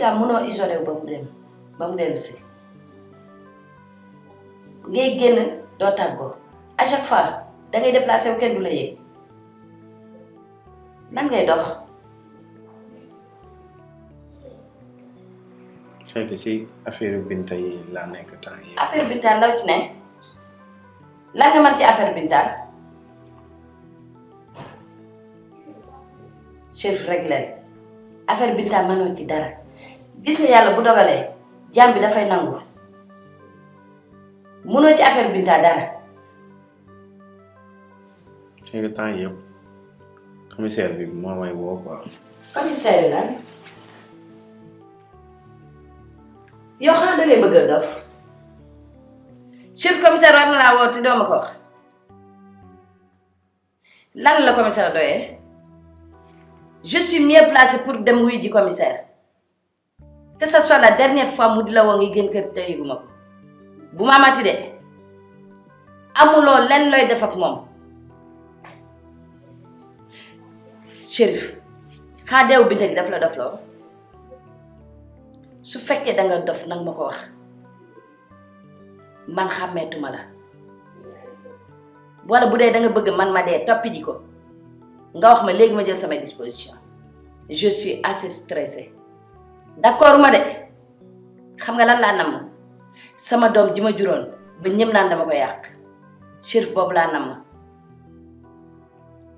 itam mënoo isolé wu ba mu dem ba mu dem si ngay génn doo tàggoo à chaque fois da ngay déplacé kenn du la yëg nan dox. c'est que si affaire Binta ci ne lan nga ci affaire Binta chef rek leen affaire Binta mënoo ci dara. gis nga yàlla bu dogalee jaam bi dafay nangu mënoo ci affaire Binta dara. xëy temps yëpp commissaire bi moo may woo quoi. commissaire bi lan yow xanaa da ngay bëgg a dof chef commissaire war na laa woo te doo lan la commissaire doyee je suis mieux pour dem wuy ji commissaire. que ce soit la dernière fois mu di la woo ngay gën kër te yëguma ko bu ma amati de amuloo lenn looy def ak moom Chérif xanaa deewu binte gi daf la dof loo su fekkee danga dof nag ma ko wax man xàmmeetuma la wala bu dee danga bëgg man ma dee toppi di ko nga wax ma léegi ma jël samay disposition je suis assez stressée d'accord ma de xam nga lan laa nam sama doom ji ma juróon ba ñëm naan dama ko yàq Chérif boobu laa namm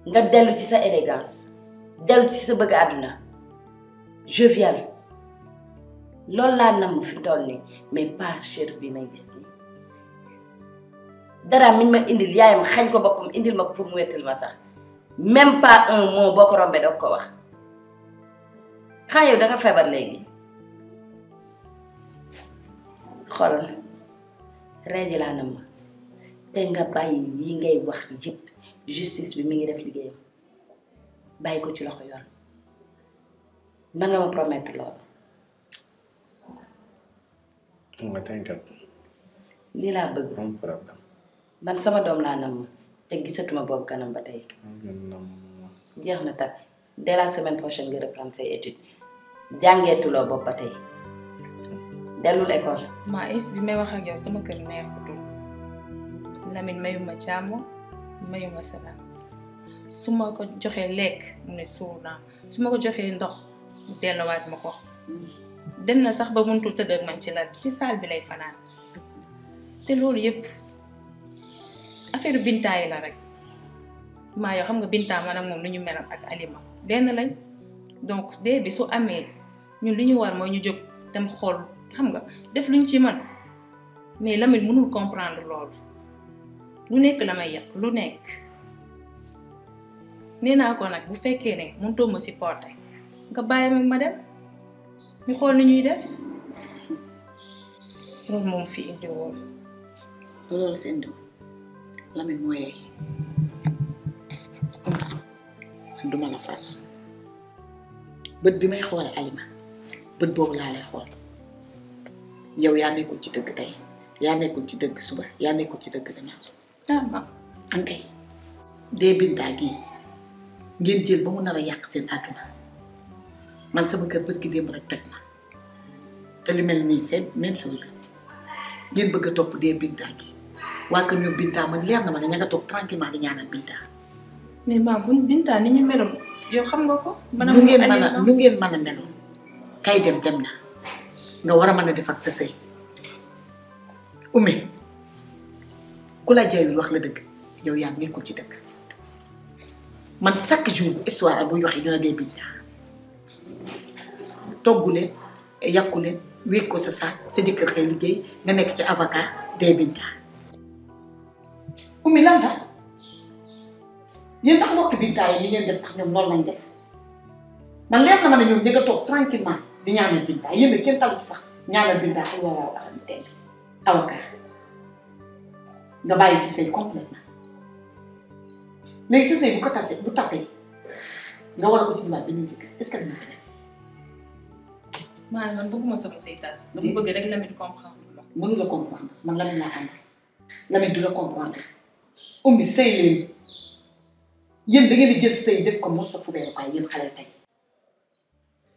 nga dellu ci sa élégance dellu ci sa bëgg àdduna jovial loolu laa namm fi toll nii mais pas Chérif bi may gis nii dara miñ ma indil yaayam xañ ko boppam indil ma ko pour mu wettal ma sax même pas un mot boo ko rombee doog ko wax xaa yow danga feebar léegi xoolal rey ji laa nam te nga bàyyi yi ngay wax yépp justice bi mi ngi def liggéeyam bàyyi ko ci loxo yoon mën nga ma promettre loolu nga tënkat laa bëgg man sama doom laa nam te gisatuma boobu kanam ba tey jeex na takk de la semaine prochaine nga reprendre say études jàngeetuloo bopp tey dellul école. maa is bi may wax ak yow sama kër neexutul lamit mayuma jàmm mayuma salaam su ma ko joxee lekk ne suur naa su ma ko joxee ndox mu delluwaat ma ko dem na sax ba mëntul tëdd ak man ci la ci saal bi lay fanaan te loolu yëpp affaire bintaa yi la rek maa yoo xam nga bintaa man ak moom lu ñu melam ak alima benn lañ donc dee su amee. ñun li ñu war mooy ñu jóg dem xool xam nga def luñ ci mën mais Lamine mënul comprendre loolu lu nekk la may yàq lu nekk nee naa ko nag bu fekkee ne mënutoo ma supporté nga bàyyi ma ma dem ñu xool ni ñuy def loolu moom fi indi woon loolu fi duma la far bët bi may xoole Alima bët boobu laa yow yaa nekkul ci dëgg tey yaa nekkul ci dëgg suba yaa nekkul ci dëgg gannaaw suba ah ma dee bintaa gii ngeen jël ba mu nar a yàq seen àdduna man sama kër bët ki démb rek toj na te li mel nii c'est même chose la bëgg topp dee bintaa gi waa kër ñoom bintaa man leer na ma ne ña nga toog tranquillement di ñaanal bintaa mais maam buñ bintaa ni ñu meloon yow xam nga ko. mën a lu ngeen mën a lu kay dem dem na nga war a mën a defar sa sëy ume ku la jayul wax la dëgg yow yaa nekkul ci dëgg man chaque jour histoire ak bu ñu waxee ñu ne dee biñ toggule yàqule wéeg ko sa saak sa jëkkër xëy liggéey nga nekk ci avocat dee biñ naa umi lan la yéen tax mbokk bintaay li ngeen def sax ñoom loolu lañ def man leer na ma ne ñoom ñu nga di ñaanal Binta yéen a kenn taw ci sax ñaanal Binta xëy na waaw ak am teg avocat nga bàyyi sa sëy complètement léegi sa sëy bu ko tasee bu tasee nga war a ko ci dugal beneen jëkkër ko man bëgguma sama rek Lamine comprendre la. mënu la comprendre man Lamine laa ànd Lamine du la comprendre umbi sëy leen yéen da ngeen di jël sëy def ko mos a fubeerukaay yéen xale tey.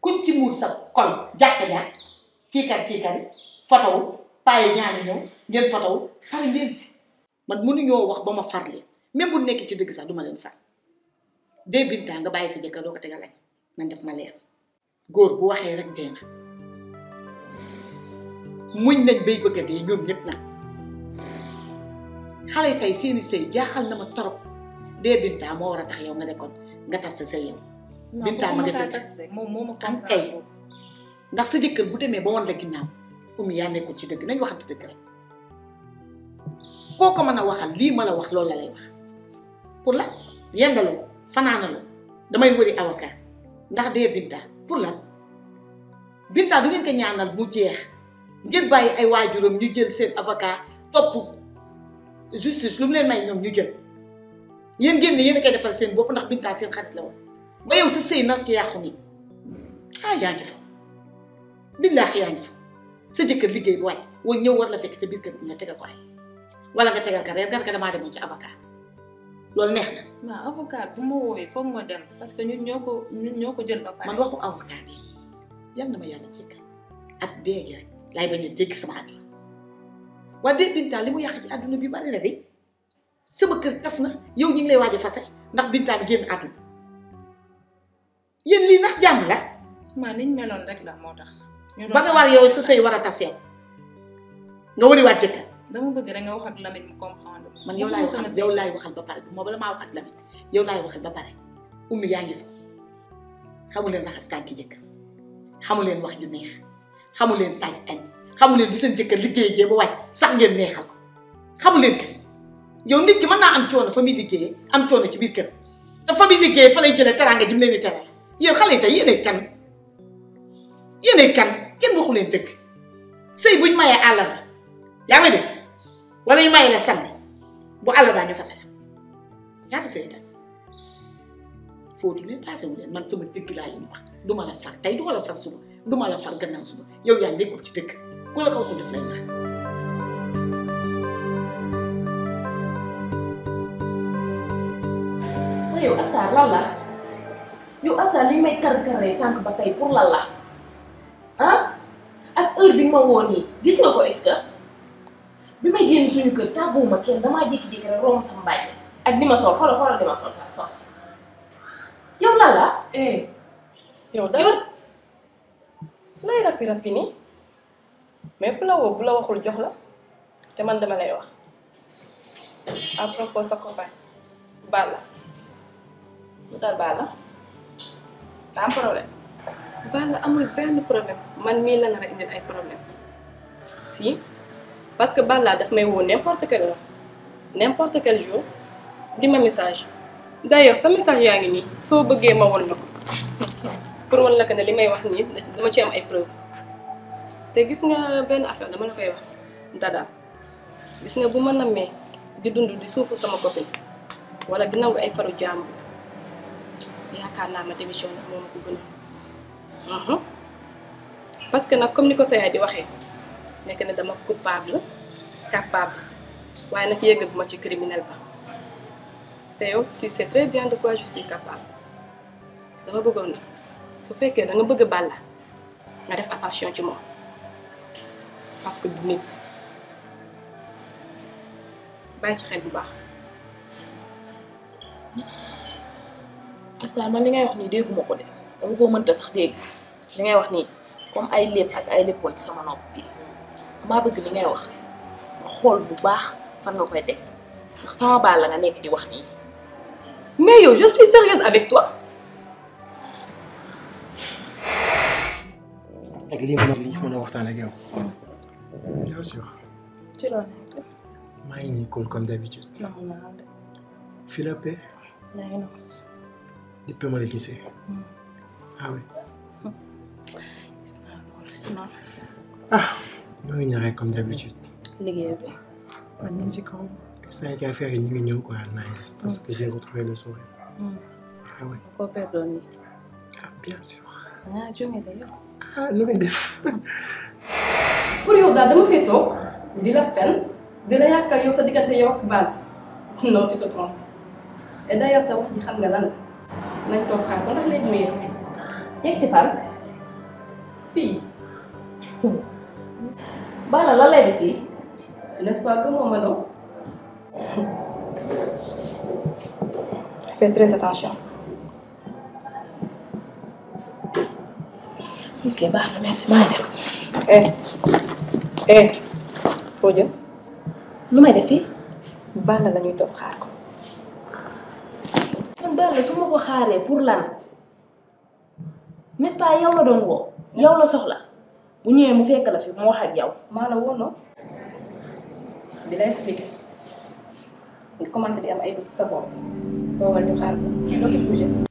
kuñ ci muur sa kol jàkk jàkk ciikar ciikari fotowu paye ñaani ñëw ngeen fotowu pare ngeen si man mënuñoo wax ba ma far leen même bu nekk ci dëgg sax duma leen far dee bintaa nga bàyyi sa jëkkër doo ko tegal añ man def ma leer góor bu waxee rek dee na muñ nañ bay bëgga dee ñoom ñëpp nag xale yi tey seeni sëy jaaxal na ma torop dee bintaa moo war a tax yow nga nekkoon nga tas sa sëy yow bintaan ma nga tëdd moom moo ma am kay ndax sa jëkkër bu demee ba woon la ginnaaw umi yaa nekkul ci dëgg nañ waxante dëgg rek koo ko mën a waxal lii ma la wax loolu la lay wax pour la yendaloo fanaanaloo damay wëri avocat ndax dee bintaan pour la bintaan du ngeen ko ñaanal mu jeex ngeen bàyyi ay waajuram ñu jël seen avocat topp justice lu mu leen may ñoom ñu jël yéen ngeen ne yéen a koy defal seen bopp ndax bintaan seen xarit la woon ba yow sa sëy nar ci yàqu nii ah yaa ngi fa billaahi yaa fa sa jëkkër liggéey bi wàcc wala ñëw war la fekk sa biir kër bi nga tegal ko ay wala nga tegal ka reer ci avocat loolu neex bu ma woowee foog parce que ñun ñoo ko ñun ñoo ko jël ba pare. man waxu avocat bi yal na ma yàlla jéggal ak déegi rek laay bañ a dégg sama àdduna waaye dégg Binta li mu yàq ci àdduna bi bari na de sama kër tas na yow ñu ngi lay waaj a fase ndax Binta bi génn àdduna. yéen lii ndax jàmm la. maa niñ meloon rek la moo tax. ba nga war yow sa sëy war a tas nga wari waat jëkkër. dama bëgg rek nga wax ak Lamine man yow laay waxal yow laay waxal ba pare moo bala maa wax ak Lamine yow laay waxal yaa ngi fa xamu leen raxas tànki jëkkër xamu leen wax ju neex xamu leen taaj añ xamu leen bu seen jëkkër liggéey jee ba wàcc sax ngeen neexal ko xamu leen que yow nit ki man naa am coono fa muy liggéeyee am coono ci biir kër te fa muy liggéeyee fa lay jëlee teraanga ji mu leen di yéen xale yi tey yéenay kan yéenay kan kenn waxu leen dëgg sëy buñ mayee àllarba yaa ngi dégg wala ñu mayee la samedi bu àllarbaa ñu fase la ñaata sëy tas footu leen passé wu leen man sama dëgg laa leen wax duma la far tey duma la far suba duma la far gannaaw suba yow yaa nekkul ci dëgg ku la ko waxul def lay nax yow Assane lan la yow Assane li may kar-karee sànq ba tey pour lan la ah ak heure bi ma woon nii gis nga ko est bi may génn suñu kër tàgguwuma kenn damaa jékki-jékki rek romb sama mbàjj ak li ma sol xoolal xoolal li ma sol sax yow lan la. Eh, yow dara lay rappi rappi nii mais bu la waxul jox la te man dama lay wax à propos sa copain Balla mu dal Balla. pas problème. amul benn problème man mii la nar a indil ay problème si parce que Balla daf may woon n'importe quelle heure n'importe quel jour di ma message d'ailleurs sa message yaa ngi nii soo bëggee ma won na ko pour won la ko ne li may wax nii dama ci am ay preuve te gis nga benn affaire dama la koy wax Dada gis nga bu ma nammee di dund di suufu sama copine wala di nangu ay faru jàmbur yaakaar naa ma démission nag moo ma ko mhm. que nag comme ni ko sa yaay di waxee nekk ne dama coupable capable waaye nag yëggaguma ci criminel ba te yow tu sais très bien de quoi je suis capable dama bëggoon nag su fekkee da nga bëgg Balla nga def attention ci moom parce que du nit bàyyi ci xel bu baax. Asta man li ngay wax nii dégguma ko de dama koo mënta sax dégg li ngay wax nii comme ay lépp ak ay léppoon sama nopp bi maa bëgg li ngay wax nga xool bu baax fan nga koy teg ndax sama baal la nga nekk di wax nii mais yow je suis sérieuse avec toi. ak lii mën a waxtaan ak yow. bien sûr. ci loolu. maa ngi nii cool comme depuis ma la gisee mm. ah oui. gis mm. ah, comme d'habitude. liggéey bi. waaw ñu ngi si kaw. saa yu affaire yi ñu ngi ñëw quoi nice parce mm. que j'ai retrouvé le sourire. ah oui. koo perdoon nii. Ah, bien sûr. ah jóge d'ailleurs. ah pour yow daal dama fee di la fen di la yàqal yow sa diggante yow baal non tu te trompes et d'ailleurs sa wax ji xam nga lan nañ toog xaar ko ndax léegi mu yegg si. yegg si fan. fii. Balla lan lay def fii. n'est-ce pas que moom la fais ok baax na merci maa dem. eh eh foo jëm. lu may def fii. la ñuy toog xaar ko. après su ma ko xaaree pour lan n'est-ce la doon woo yow la soxla bu ñëwee mu fekk la fi mu wax ak yow maa la woonoo di la expliquer nga commencé di am ay doute sa bopp toogal ñu xaar ko doo fi bouger